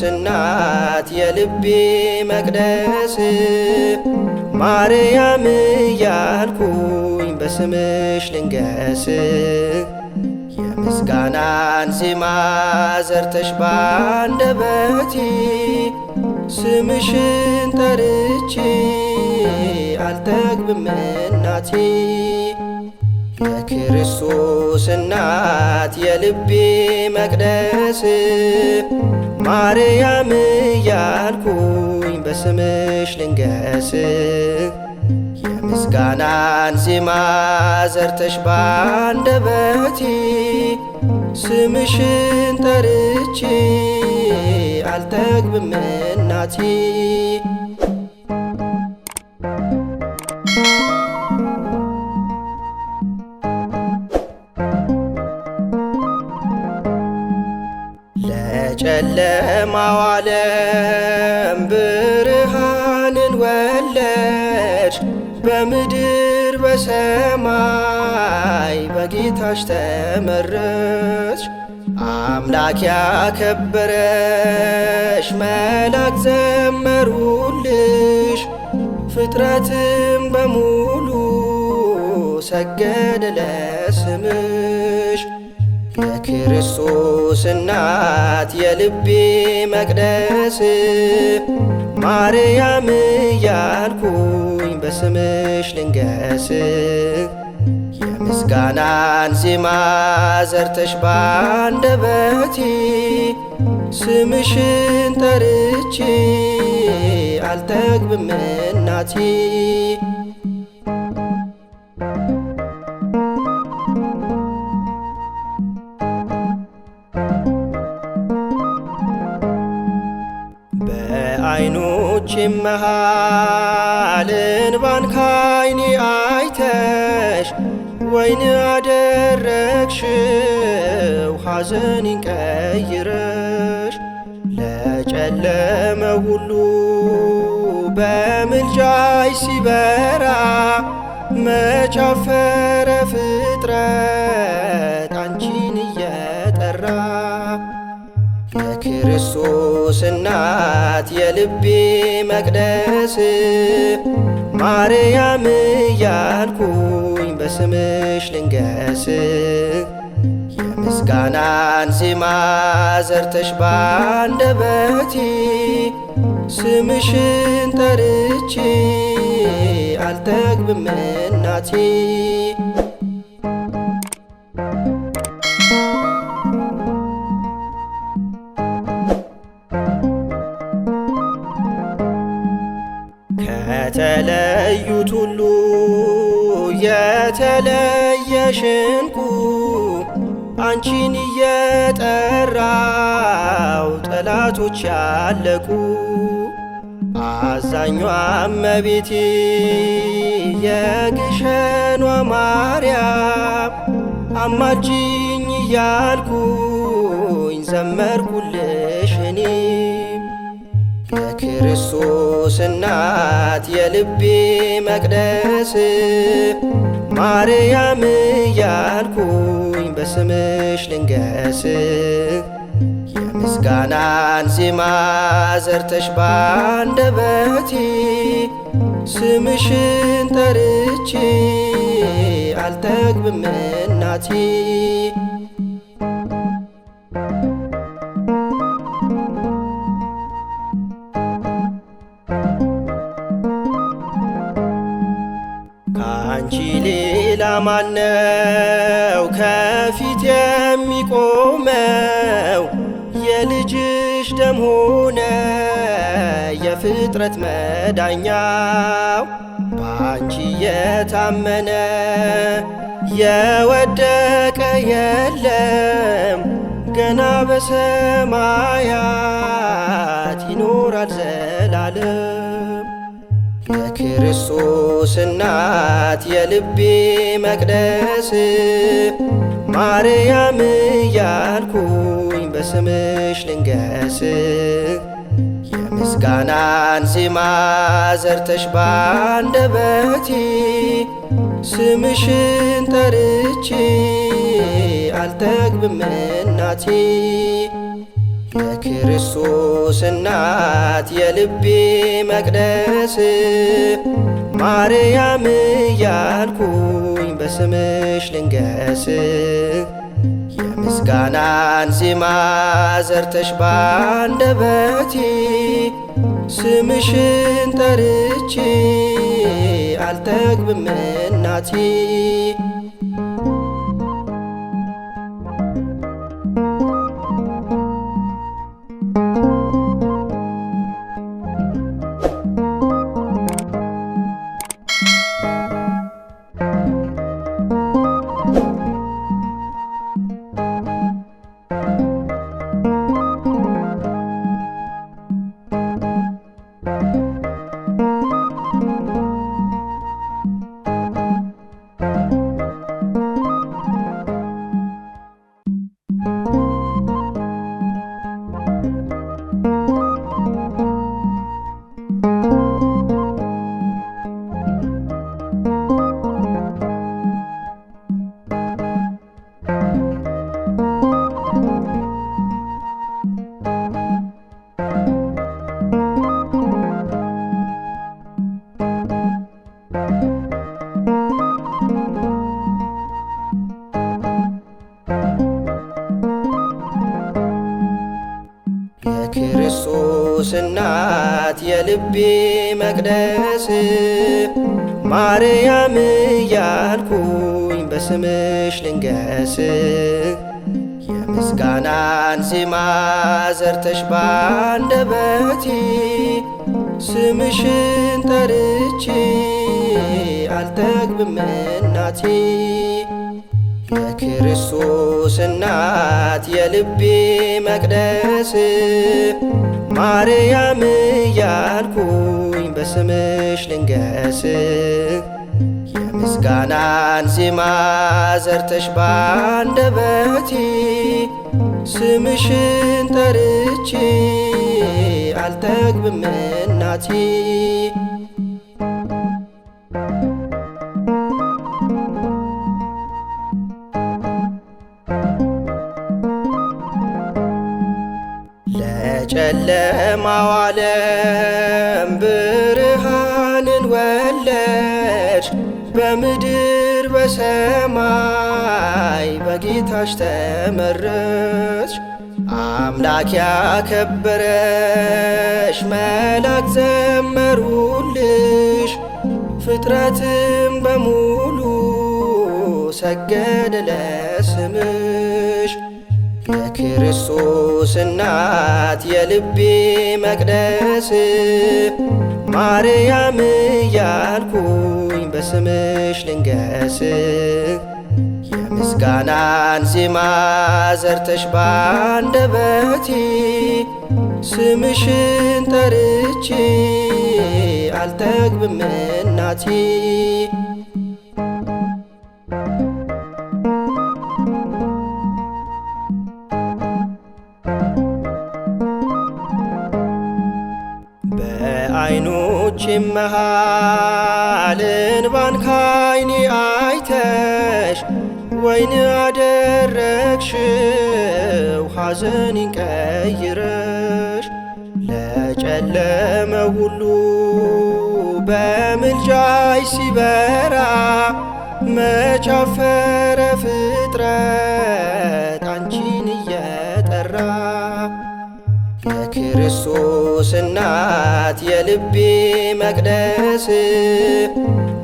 ቅዱስ እናት የልቤ መቅደስ ማርያም እያልኩኝ በስምሽ ልንገስ የምስጋናን ዜማ ዘርተሽ ባንደበቴ ስምሽን ጠርቼ አልጠግብም እናቴ የክርስቶስ እናት የልቤ መቅደስ ማርያም እያልኩኝ በስምሽ ልንገስ የምስጋናን ዜማ ዘርተሽ ባንደበቴ ስምሽን ጠርቼ አልጠግብም እናቴ የሰማው ብርሃንን ወለድሽ በምድር በሰማይ በጌታሽ ተመረጥሽ። አምላክ ያከበረሽ መላክ ዘመሩልሽ፣ ፍጥረትም በሙሉ ሰገደለ የክርስቶስ እናት የልቤ መቅደስ ማርያም እያልኩኝ በስምሽ ልንገስ የምስጋናን ዜማ ዘርተሽ ባንደበቴ ስምሽን ጠርቼ አልጠግብም እናቴ አንቺም ባንካይኒ አይተሽ ወይን አደረግሽው ሐዘኔን ቀይረሽ ለጨለመ ሁሉ በምልጃይ ሲበራ መቻፈረ ፍጥረት አንቺን እየጠራ ኢየሱስ እናት የልቤ መቅደስ ማርያም እያልኩኝ በስምሽ ልንገስ። የምስጋናን ዜማ ዘርተሽ ባንደበቴ ስምሽን ጠርቼ አልጠግብም እናቴ ከለዩት ሁሉ የተለየሽንኩ አንቺን እየጠራው ጠላቶች ያለቁ አዛኟ እመቤቴ የግሸኗ ማርያም አማልጅኝ እያልኩኝ ዘመርኩልሽ እኔ የክርስቶስ ቅዱስ እናት የልቤ መቅደስ ማርያም እያልኩኝ በስምሽ ልንገስ የምስጋናን ዜማ ዘርተሽ ባንደበቴ ስምሽን ጠርቼ አልጠግብም እናቴ ማነው ከፊት የሚቆመው? የልጅሽ ደም ሆነ የፍጥረት መዳኛው በአንቺ የታመነ የወደቀ የለም ገና በሰማያት ይኖራል ዘላለም። የክርስቶስ እናት የልቤ መቅደስ ማርያም እያልኩኝ በስምሽ ልንገስ የምስጋናን ዜማ ዘርተሽ ባንደበቴ ስምሽን ጠርቼ አልጠግብም እናቴ የክርስቶስ እናት የልቤ መቅደስ ማርያም እያልኩኝ በስምሽ ልንገስ የምስጋናን ዜማ ዘርተሽ ባንደበቴ ስምሽን ጠርቼ አልጠግብም እናቴ ቅዱስ እናት የልቤ መቅደስ ማርያም እያልኩኝ በስምሽ ልንገስ የምስጋናን ዜማ ዘርተሽ ባንደበቴ ስምሽን ጠርቼ አልጠግብም እናቴ የክርስቶስ እናት የልቤ መቅደስ ማርያም እያልኩኝ በስምሽ ልንገስ የምስጋናን ዜማ ዘርተሽ ባንደበቴ ስምሽን ጠርቼ አልጠግብም እናቴ የጨለማው ዓለም ብርሃንን ወለድሽ በምድር በሰማይ በጌታሽ ተመረጥሽ። አምላክ ያከበረሽ መላክ ዘመሩልሽ፣ ፍጥረትም በሙሉ ሰገደ ለስምሽ። ክርስቶስ እናት የልቤ መቅደስ ማርያም እያልኩኝ በስምሽ ልንገስ የምስጋናን ዜማ ዘርተሽ ባንደበቴ ስምሽን ጠርቼ አልጠግብም እናቴ ባንቺም ባንካይኒ አይተሽ ወይን አደረግሽው ሐዘኔን ቀይረሽ ለጨለመ ሁሉ በምልጃይ ሲበራ መቻፈረ ፍጥረት አንቺን እየጠራ ክርስቶስ እናት የልቤ መቅደስ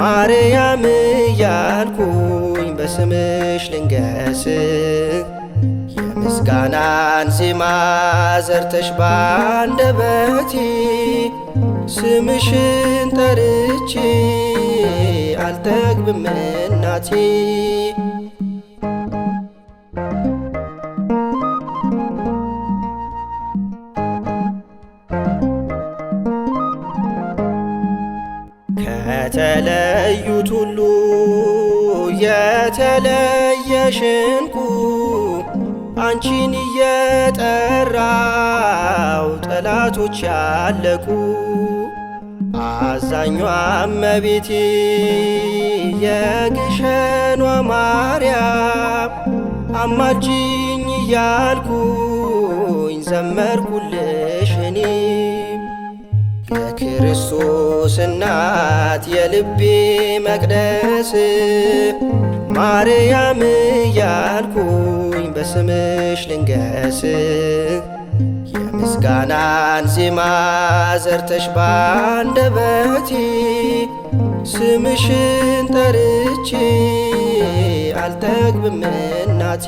ማርያም እያልኩኝ በስምሽ ልንገስ የምስጋናን ዜማ ዘርተሽ ባንደበቴ ስምሽን ጠርቼ አልጠግብም እናቴ ከለዩት ሁሉ የተለየሽንኩ አንቺን እየጠራው ጠላቶች ያለቁ አዛኟ እመቤቴ የግሸኗ ማርያም አማልጅኝ እያልኩኝ ዘመርኩልሽ እኔ የክርስቶስ እናት የልቤ መቅደስ ማርያም እያልኩኝ በስምሽ ልንገስ የምስጋናን ዜማ ዘርተሽ ባንደበቴ ስምሽን ጠርቼ አልጠግብም እናቴ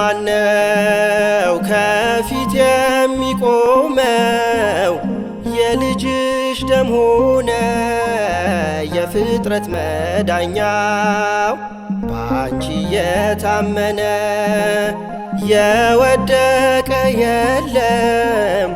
ማነው ከፊት የሚቆመው? የልጅሽ ደም ሆነ የፍጥረት መዳኛው በአንቺ የታመነ የወደቀ የለም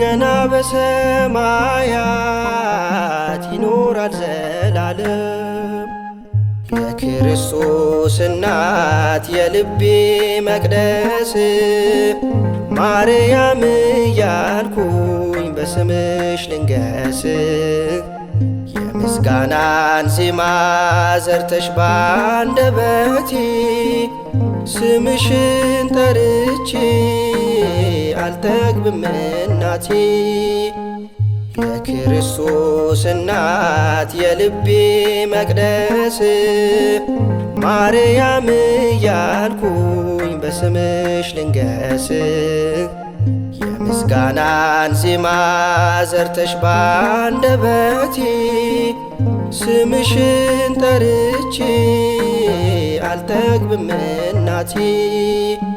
ገና በሰማያት ይኖራል ዘላለም። ክርስቶስ እናት የልቤ መቅደስ ማርያም እያልኩኝ በስምሽ ልንገስ የምስጋናን ዜማ ዘርተሽ ባንደበቴ ስምሽን ጠርቼ አልጠግብም እናቴ የክርስቶስ እናት የልቤ መቅደስ ማርያም እያልኩኝ በስምሽ ልንገስ የምስጋናን ዜማ ዘርተሽ ባንደበቴ ስምሽን ጠርቼ አልጠግብም እናቴ